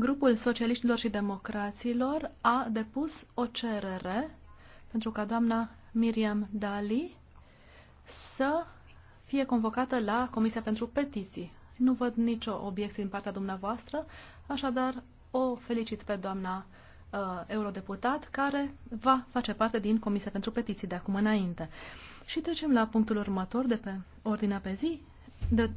Grupul Socialiștilor și Democraților a depus o cerere pentru ca doamna Miriam Dali să fie convocată la Comisia pentru Petiții. Nu văd nicio obiecție din partea dumneavoastră, așadar o felicit pe doamna uh, eurodeputat care va face parte din Comisia pentru Petiții de acum înainte. Și trecem la punctul următor de pe ordinea pe zi, de